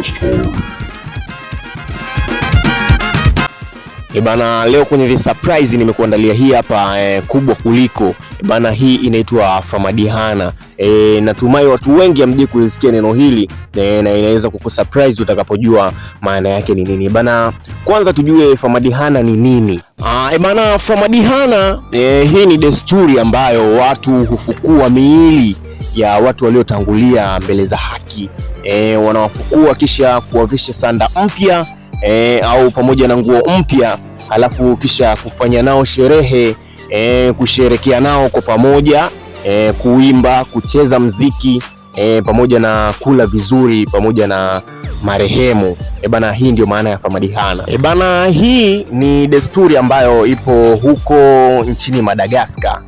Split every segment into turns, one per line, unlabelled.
Podcast E bana, leo kwenye vi surprise nimekuandalia hii hapa e, kubwa kuliko e bana, hii inaitwa Famadihana. E, natumai watu wengi amje kulisikia neno hili e, na inaweza surprise utakapojua maana yake ni nini. E bana, kwanza tujue Famadihana ni nini? Ah, e bana, Famadihana e, hii ni desturi ambayo watu hufukua miili ya watu waliotangulia mbele za haki e, wanawafukua kisha kuwavisha sanda mpya e, au pamoja na nguo mpya, halafu kisha kufanya nao sherehe e, kusherekea nao kwa pamoja e, kuimba, kucheza mziki e, pamoja na kula vizuri pamoja na marehemu e bana. Hii ndio maana ya famadihana e bana. Hii ni desturi ambayo ipo huko nchini Madagaskar.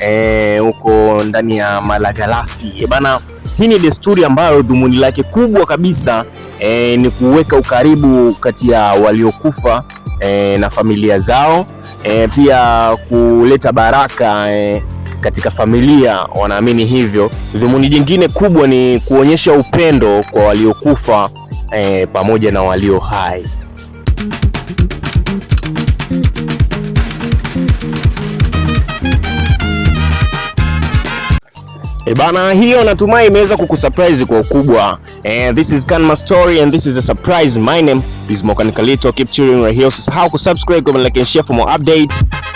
Eh, huko e, ndani ya Malagarasi e eh, bana. Hii ni desturi ambayo dhumuni lake kubwa kabisa e, ni kuweka ukaribu kati ya waliokufa e, na familia zao e, pia kuleta baraka e, katika familia wanaamini hivyo. Dhumuni jingine kubwa ni kuonyesha upendo kwa waliokufa e, pamoja na walio hai. E bana, hiyo natumai imeweza kukusurprise kwa ukubwa. And eh, this is Kanma story and this is a surprise. My name is mokanikalito Keep cheering right here. Usisahau kusubscribe, comment, like and share for more updates.